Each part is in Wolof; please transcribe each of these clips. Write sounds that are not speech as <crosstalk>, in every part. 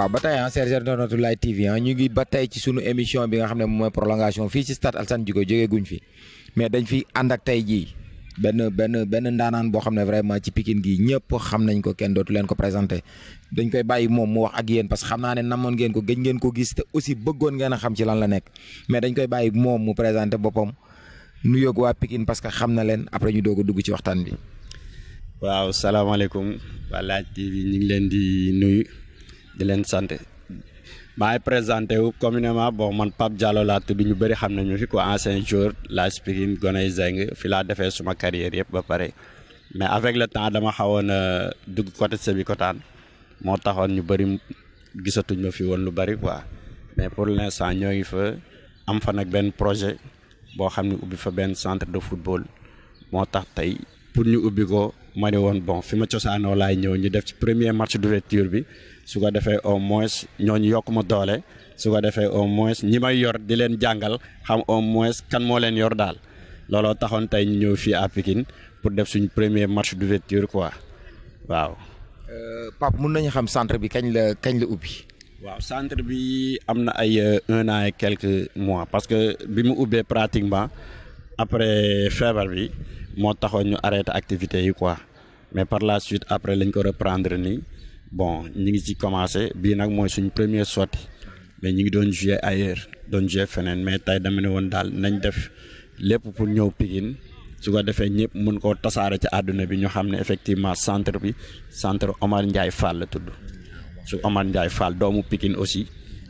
quoi ba tey ah Serge Ndonotou Live TV ah ñu ngi ba tey ci sunu émission bi nga xam ne mooy prolongation fii ci stade Alassane Djigo jógee guñ fi mais dañ fi ànd ak tey jii benn benn benn ndaanaan boo xam ne vraiment ci Pikine gi ñëpp xam nañ ko kenn dootu leen ko présenté dañ koy bàyyi moom mu wax ak yéen parce que xam naa ne namoon ngeen ko gëj ngeen te aussi bëggoon ngeen a xam ci lan la nekk mais dañ koy bàyyi moom mu présenté boppam nu yóg waa Pikine parce que xam na leen après ñu doog dugg ci waxtaan bi. waaw salaamaaleykum waa Live TV ñu leen di nuyu. di leen sant maay présenté wu communement boo man Pape Diallo laa tudd ñu bëri xam nañu fi quoi ancien joueur Las Pikine Goney Zeng fi laa defee suma carrière yëpp ba pare mais avec le temps dama xawoon a euh, dugg côté Sébikotane moo taxoon ñu bëri gisatuñ ma fi woon lu bëri quoi mais pour l'instant ñoo ngi fa am fa nag benn projet boo xam ne ubbi fa benn centre de football moo tax tey pour ñu ubbi ko ma ni woon bon fi ma cosaanoo laay ñëw ñu def ci premier match d'ouverture bi su ko defee au moins ñooñu yokk ma doole su ko defee au moins ñi may yor di leen jàngal xam au moins kan moo leen yor daal looloo taxoon tey ñu ñëw fii à Pikine pour def suñu premier match d'ouverture quoi waaw. Euh, Pape mun nañu xam centre bi kañ la kañ la ubbi. waaw centre bi am na ay euh, un an et quelques mois parce que bi mu ubbee pratiquement. après feebar bi moo taxoon ñu arrêté activité yi quoi mais par la suite après lañ ko reprendre nii bon ñi ngi ci commencé bii nag mooy suñ première sortie mais ñi ngi doon jouer ailleurs doon jouer feneen mais tey dama ne woon daal nañ def lépp pour ñëw Pikine su ko defee ñëpp mun koo tasaare ci àdduna bi ñu xam ne effectivement centre bi centre Omar Ndiaye Fall la tudd su Omar Ndiaye Fall doomu Pikine aussi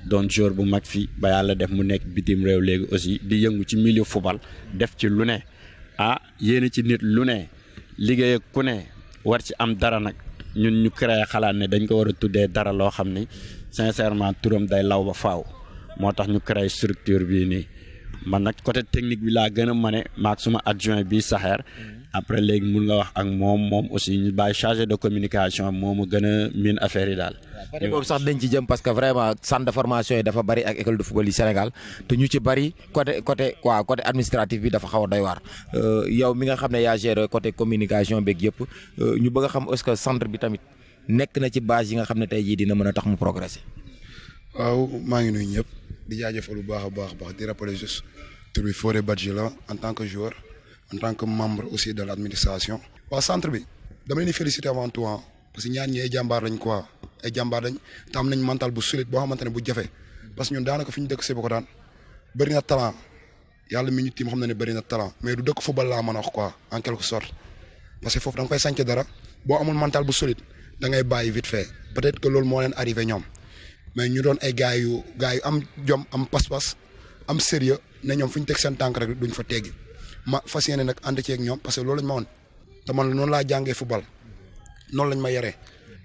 doon joueur bu mag fii ba yàlla def mu nekk bitim réew léegi aussi di yëngu ci milieu football def ci lu ne ah yéen ci nit lu ne liggéey ku ne war ci am dara nag ñun ñu créé xalaat ne dañ ko war a tuddee dara loo xam ni sincèrement turam day law ba faw moo tax ñu créé structure bii nii man nag côté technique bi laa gën a mane maag suma adjoint bii Saxeer après léegi mun nga wax ak moom moom aussi ñu bàyyi de communication moom a gën a miin affaire yi daal. côté boobu sax dañ ci jëm parce que vraiment centre de formation yi dafa bari ak école de football yi Sénégal te ñu ci bari côté côté waaw côté administratif bi dafa xaw a doy waar. Euh, yow mi nga xam ne yaa géré côté communication beeg yëpp euh, ñu bëgg xam est-ce que centre bi tamit nekk na ci base yi nga xam ne tey jii dina mën a tax mu progresser. waaw maa ngi nuyu ñëpp di jaajëfal bu baax a baax baax di rappeler juste tur bi Fodé Badji la en tant que joueur. en tant que membre aussi de l' administration. waa centre bi dama leen di féliciter avant tout parce que ñaar ñi ay jàmbaar lañ quoi ay jàmbaar lañ te am nañ mental bu solide boo xamante ne bu jafe parce que ñun daanaka fu ñu dëkk Sébikotane daan bëri na talent yàlla mi ñu tiim xam na ne bëri na talent. mais du dëkk football laa mën a wax quoi en quelque sorte parce que foofu da nga fay sànq dara boo amul mental bu solide da ngay bàyyi vite fait peut-être que loolu moo leen arrivé ñoom mais ñu doon ay gars yu gars yu am jom am pas-pas am sérieux ne ñoom fi ñu seen tànk rek duñ fa teggi ma fas yéene nag ànd ceeg ñoom parce que loolu lañ ma woon te man noonu laa jàngee football noonu lañ ma yaree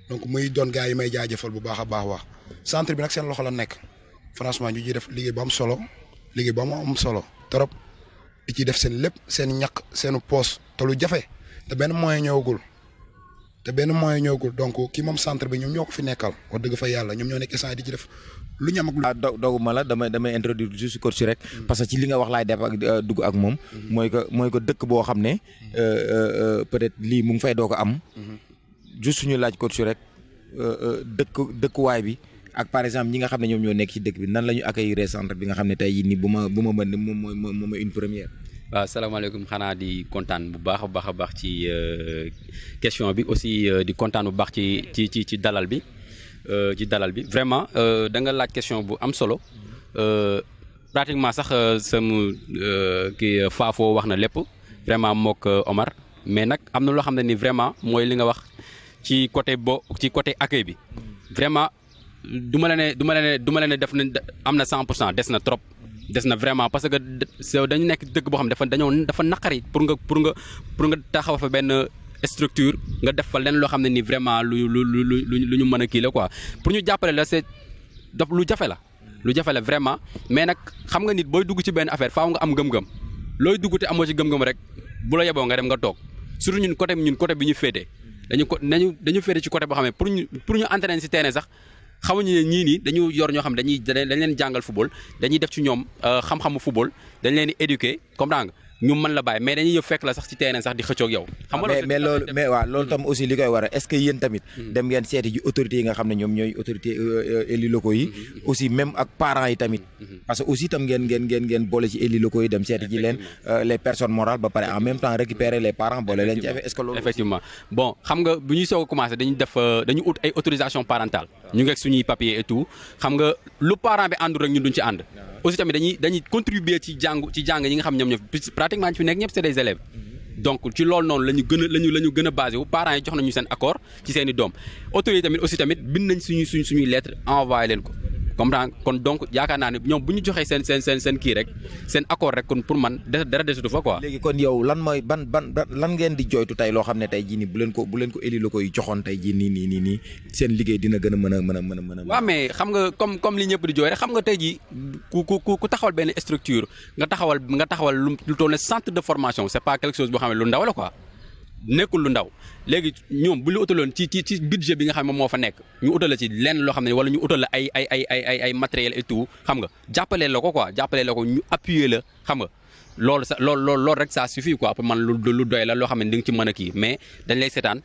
donc muy doon gars yi may jaajëfal bu baax a baax waa centre bi nag seen loxo la nekk franchement ñu ciy def liggéey bu am solo liggéey bu am am solo trop di ci def seen lépp seen ñaq seenu poos te lu jafe te benn moyen ñëwagul. te benn ñëw ñëwagul donc kii moom centre bi ñoom ñoo ko fi nekkal wax dëgg fa yàlla ñoom ñoo nekk instant di ci def lu ñam ak lu. waaw ah, do doguma la damay damay introduire juste coach rek. Mm. parce que ci li nga wax laay def ak euh, dugg ak moom. Mm-hmm. mooy que mooy que dëkk boo xam ne. Mm-hmm. Euh, euh, peut-être lii mu ngi fay doog a am. Mm-hmm. juste suñu laaj coach rek dëkk dëkkuwaay bi. ak par exemple ñi nga xam ne ñoom ñoo nekk ci dëkk bi nan la ñu accueillir centre bi nga xam ne tey yii nii bu ma bu ma mën moom mooy moom mooy waaw salaamaaleykum xanaa di kontaan bu baax a baax a baax ci euh, question bi aussi euh, di kontaan bu baax ci ci ci ci dalal bi euh, ci dalal bi vraiment da nga laaj question bu am solo pratiquement sax sama kii faafoo wax na lépp vraiment mook Omar mais nag am na loo xam ne ni vraiment mooy li nga wax ci côté bo ci côté accueil bi vraiment du ma la ne du ma la ne du ma la ne def nañ am na 100 pour des na trop. des na vraiment parce que dañu nekk dëkk boo xam dafa dañoo dafa naqari pour nga pour nga pour nga taxaw fa benn structure nga def fa lenn loo xam ne nii vraiment lu lu lu lu ñu mën a kii la pour ñu jàppale la se daf lu jafe la. lu jafe la vraiment mais nag xam nga nit booy dugg ci benn affaire faaw nga am gëm-gëm looy dugg te amoo ci gëm-gëm rek bu la yeboo nga dem nga toog surtout ñun côté ñun côté bi ñu féete dañu ko dañu dañu féete ci côté boo xam ne pour ñu pour ñu entraîner ci terrain sax. xamuñu ne ñii nii dañu yor ñoo xam dañuy dañ leen jàngal football dañuy def ci ñoom euh, xam-xamu football dañ leen di éduquer comprendre nga ñu mën la bàyyi mais dañuy yëpp fekk la sax ci terrain sax di xëccoog yow ah, mais mais waaw loolu mm-hmm. tamit mm-hmm. dem yi nga xam ne ñoom ñooy autorité euh, euh, yi mm-hmm. aussi yi dem seeti ji leen euh, les personnes morales ba pare en même temps récupérer les parents boole leen ci est-ce que loolu effectivement bon xam nga bu ñuy soog a commencé dañu def dañu ut ay autorisation parentale ñu ngeeg suñuy papier et tout xam nga lu parent bi àndul rek ñun duñ ci ànd ah. aussi tamit pratiquement ñu fi nekk ñëpp c'est des élèves donc ci loolu noonu la ñu gën a la ñu la ñu gën a wu parents yi jox nañu seen accord ci seen i doom autorités tamit aussi tamit bind nañ suñu suñ suñuy lettre envoyé leen ko comprendre kon donc yaakaar naa ne ñoom bu ñu joxee seen seen seen seen kii rek seen accord rek kon pour man dara desatu fa quoi. léegi kon yow lan mooy ban ban lan ngeen di jooytu tey loo xam ne tey jii nii bu leen ko bu leen ko éli la koy joxoon tey jii nii nii nii nii seen liggéey dina gën a mën a mën a mën a mën a. waaw mais xam nga comme comme li ñëpp di jooy rek xam nga tey jii ku ku ku taxawal benn structure nga taxawal nga taxawal lu toll ne centre de formation c'est pas quelque chose boo xam ne lu ndaw la quoi nekkul lu ndaw léegi ñoom bu ñu utaloon ci ci ci budget bi nga xam ne moom moo fa nekk ñu utal la ci lenn loo xam ne wala ñu utal la ay ay ay ay matériel et tout xam nga jàppalee la ko quoi jàppalee la ko ñu appuyer la xam nga loolu sa loolu loolu loolu rek ça suffit quoi pour man lu lu doy la loo xam ne di nga ci mën a kii mais dañ lay seetaan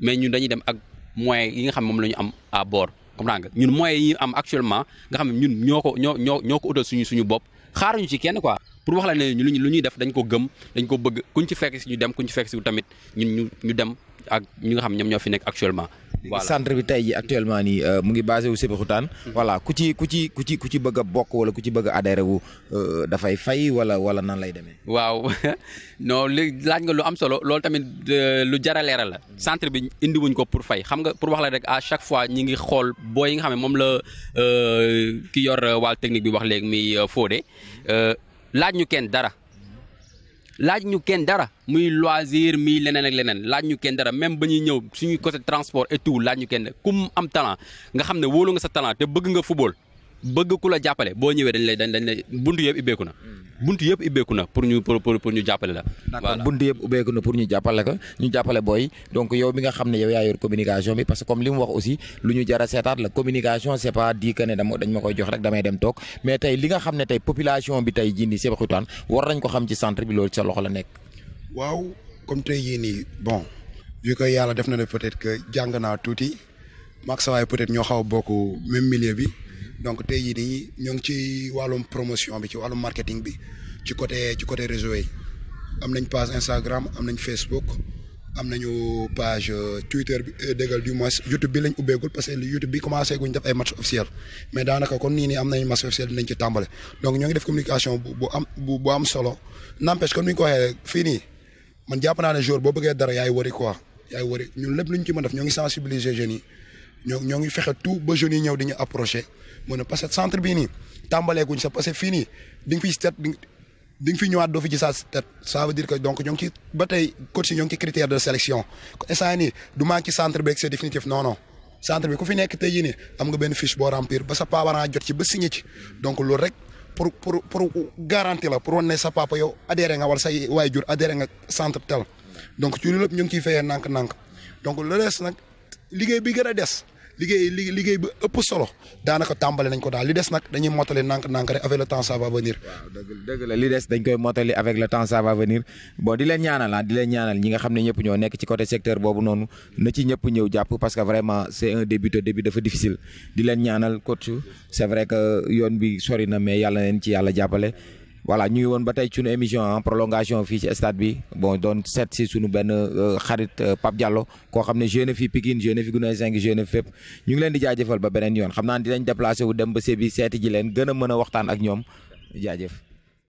mais ñun dañuy dem ak moyens yi nga xam moom la ñu am à bord comprendre nga ñun moyens yi am actuellement nga xam ne ñun ñoo ko ñoo ñoo ñoo ko utal suñu suñu bopp xaaruñu ci kenn quoi pour wax la ne ñu lu ñuy def dañ ko gëm dañ ko bëgg ku kuñ ci fekk si ñu dem kuñ ci fekk si tamit ñun ñu ñu dem ak ñu nga xam ñoom ñoo fi nekk actuellement. voilà centre bi tey ji actuellement nii euh, mu ngi basé wu Sébikotane. Mm-hmm. voilà ku ci ku ci ku ci ku ci bëgg bokk wala ku ci bëgg a wu euh, dafay fay wala wala nan lay demee. waaw <laughs> non laaj nga lu am solo loolu tamit euh, lu jar a leeral la. centre bi indiwuñ ko pour fay xam nga pour wax la rek à chaque fois ñi ngi xool boo yi nga xam ne moom la ki yor wàll technique bi wax léegi muy Fodé. laaj ñu kenn dara laaj ñu kenn dara muy loisir muy leneen ak leneen laaj ñu kenn dara même ba ñuy ñëw suñuy côté transport et tout laaj ñu kenn ku am talent nga xam ne wóolu nga sa talent te bëgg nga football bëgg ku la jàppale boo ñëwee dañ lay dañ lay buntu yëpp ibbeeku na. Hmm. buntu yëpp ibbeeku na pour ñu pour pour ñu jàppale la. voilà d'accord buntu yëpp ubbeeku na pour ñu jàppale ko ñu jàppale booy donc yow mi nga xam ne yow yaa yor communication bi parce que comme li mu wax aussi lu ñu jar a seetaat la communication c'est pas dit que ne dama dañ ma koy jox rek damay dem toog mais tey li nga xam ne tey population bi tey jii nii Sébikotane war nañ ko xam ci centre bi loolu sa loxo la nekk. waaw comme tey jii nii bon. vu que yàlla def na ne peut-être jàng naa tuuti waay peut-être ñoo xaw a bokk même bi donc tey jii nii ñoo ngi ci wàllum promotion bi ci wàllum marketing bi ci côté ci côté réseau yi am nañ page Instagram am nañ Facebook am nañu page euh, Twitter bi euh, déggal du moins YouTube bi lañ ubbeegul parce que YouTube bi commencé guñ def ay match officiel mais daanaka kon nii nii am nañ match officiel nañ ci tàmbale donc ñoo ngi def communication bu bu am bu bu am solo n'empêche que ni ñu ko waxee fii nii man jàpp naa ne jour boo bëggee dara yaay wari quoi yaay wari ñun lépp luñ ci def ñoo ngi sensibiliser jeunes yi. ñoo ñoo ngi fexe tout ba jeunes yi ñëw di ñu approché mën a parce que centre bii nii tàmbaleekuñ sax parce que fii nii di nga fiy seet di nga fi ñëwaat doo fi ci sa tête ça veut dire que donc ñoo ngi ci ba tey coach yi ñoo ngi ci critère de sélection instant nii du maa ci centre beeg c'est définitif non non centre bi ku fi nekk tey jii nii am nga benn fiche boo remplir ba sa parent jot ci ba signé ci donc loolu rek pour pour pour garantie la pour wane ne sa papa yow adhéré nga wala say waay jur adhéré nga centre tel donc ci loolu lépp ñu ngi ciy fayee nànk-nànk donc le reste nag. liggéey bi gën a des liggéey liggéey bi ëpp solo daanaka tàmbale nañ ko daal li des nag dañuy motali nànk-nànk avec le temps ça va venir. waaw dëgg dëgg la li des dañ le temps ça va venir bon ah, di leen ñaanal ñi nga xam ne ñëpp ñoo nekk ci côté secteur boobu noonu na ci ñëpp ñëw jàpp parce que vraiment c'est un début te début dafa difficile di leen ñaanal coach c'est vrai que yoon bi sori na mais yàlla na leen ci yàlla jàppale. voilà ñuy woon ba tey suñu émission en prolongation fii ci stade bi bon doon seet si suñu benn euh, xarit euh, Pape Diallo koo xam ne jeune fi Pikine jeune fi Gunaas 5 jeune fépp ñu ngi leen di jaajëfal ba beneen yoon xam naa dinañ déplacé wu dem ba sébi seeti ji leen gën a mën a waxtaan ak ñoom jaajëf